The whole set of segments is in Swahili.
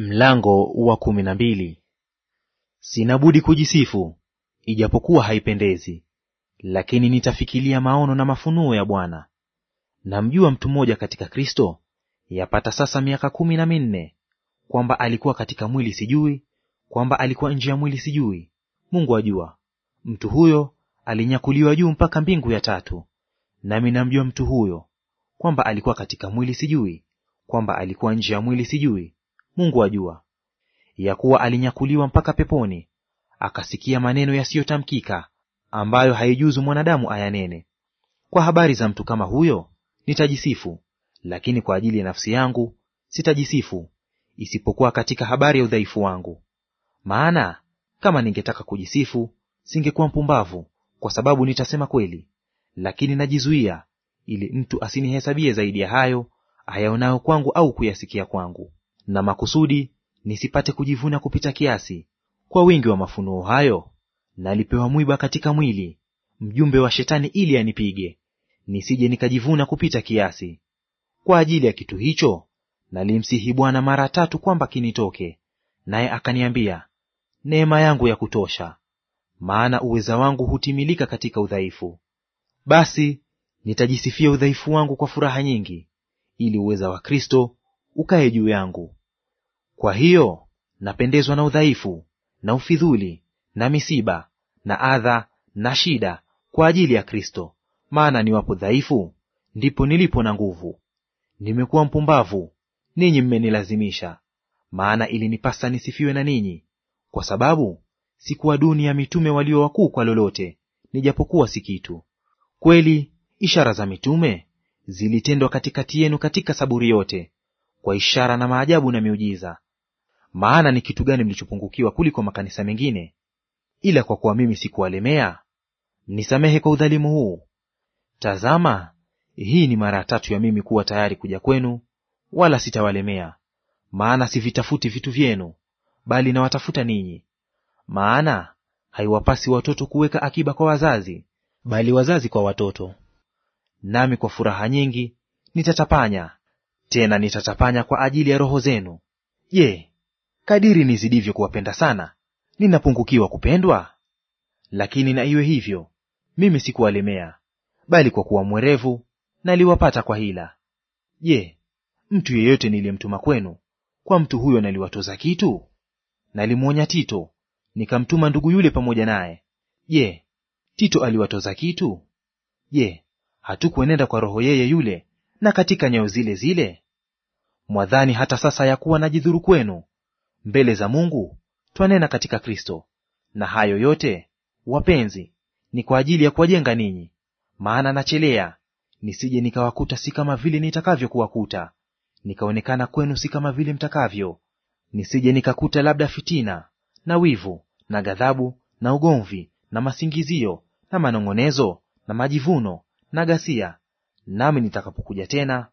Mlango wa kumi na mbili. kujisifu, ijapokuwa haipendezi, lakini nitafikilia maono na mafunuo ya Bwana. Namjua mtu mmoja katika Kristo, yapata sasa miaka kumi na minne, kwamba alikuwa katika mwili sijui, kwamba alikuwa nje ya mwili sijui, Mungu ajua. Mtu huyo alinyakuliwa juu mpaka mbingu ya tatu. Nami namjua mtu huyo, kwamba alikuwa katika mwili sijui, kwamba alikuwa nje ya mwili sijui Mungu ajua, ya kuwa alinyakuliwa mpaka peponi, akasikia maneno yasiyotamkika, ambayo haijuzu mwanadamu ayanene. Kwa habari za mtu kama huyo nitajisifu, lakini kwa ajili ya nafsi yangu sitajisifu, isipokuwa katika habari ya udhaifu wangu. Maana kama ningetaka kujisifu, singekuwa mpumbavu, kwa sababu nitasema kweli. Lakini najizuia, ili mtu asinihesabie zaidi ya hayo ayaonayo kwangu au kuyasikia kwangu na makusudi nisipate kujivuna kupita kiasi. Kwa wingi wa mafunuo hayo nalipewa mwiba katika mwili, mjumbe wa Shetani ili anipige, nisije nikajivuna kupita kiasi. Kwa ajili ya kitu hicho nalimsihi Bwana mara tatu kwamba kinitoke, naye akaniambia, neema yangu ya kutosha, maana uweza wangu hutimilika katika udhaifu. Basi nitajisifia udhaifu wangu kwa furaha nyingi, ili uweza wa Kristo ukae juu yangu. Kwa hiyo napendezwa na udhaifu na ufidhuli na misiba na adha na shida kwa ajili ya Kristo. Maana niwapo dhaifu, ndipo nilipo na nguvu. Nimekuwa mpumbavu, ninyi mmenilazimisha; maana ilinipasa nisifiwe na ninyi, kwa sababu sikuwa duni ya mitume walio wakuu kwa lolote, nijapokuwa si kitu. Kweli ishara za mitume zilitendwa katikati yenu katika saburi yote, kwa ishara na maajabu na miujiza maana ni kitu gani mlichopungukiwa kuliko makanisa mengine, ila kwa kuwa mimi sikuwalemea? nisamehe kwa udhalimu huu. Tazama, hii ni mara ya tatu ya mimi kuwa tayari kuja kwenu, wala sitawalemea. Maana sivitafuti vitu vyenu, bali nawatafuta ninyi. Maana haiwapasi watoto kuweka akiba kwa wazazi, bali wazazi kwa watoto. Nami kwa furaha nyingi nitatapanya, tena nitatapanya kwa ajili ya roho zenu. Je, Kadiri nizidivyo kuwapenda sana, ninapungukiwa kupendwa? Lakini na iwe hivyo, mimi sikuwalemea, bali kwa kuwa mwerevu naliwapata kwa hila. Je, mtu yeyote niliyemtuma kwenu, kwa mtu huyo naliwatoza kitu? Nalimwonya Tito, nikamtuma ndugu yule pamoja naye. Je, Tito aliwatoza kitu? Je, hatukuenenda kwa roho yeye yule na katika nyayo zile zile? Mwadhani hata sasa ya kuwa najidhuru kwenu mbele za Mungu twanena katika Kristo. Na hayo yote wapenzi, ni kwa ajili ya kuwajenga ninyi. Maana nachelea nisije nikawakuta si kama vile nitakavyo kuwakuta nikaonekana kwenu si kama vile mtakavyo, nisije nikakuta labda fitina na wivu na ghadhabu na ugomvi na masingizio na manong'onezo na majivuno na ghasia. Nami nitakapokuja tena,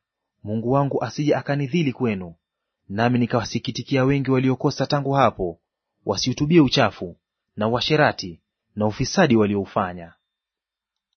Mungu wangu asije akanidhili kwenu, Nami nikawasikitikia wengi waliokosa tangu hapo, wasiutubie uchafu na uasherati na ufisadi walioufanya.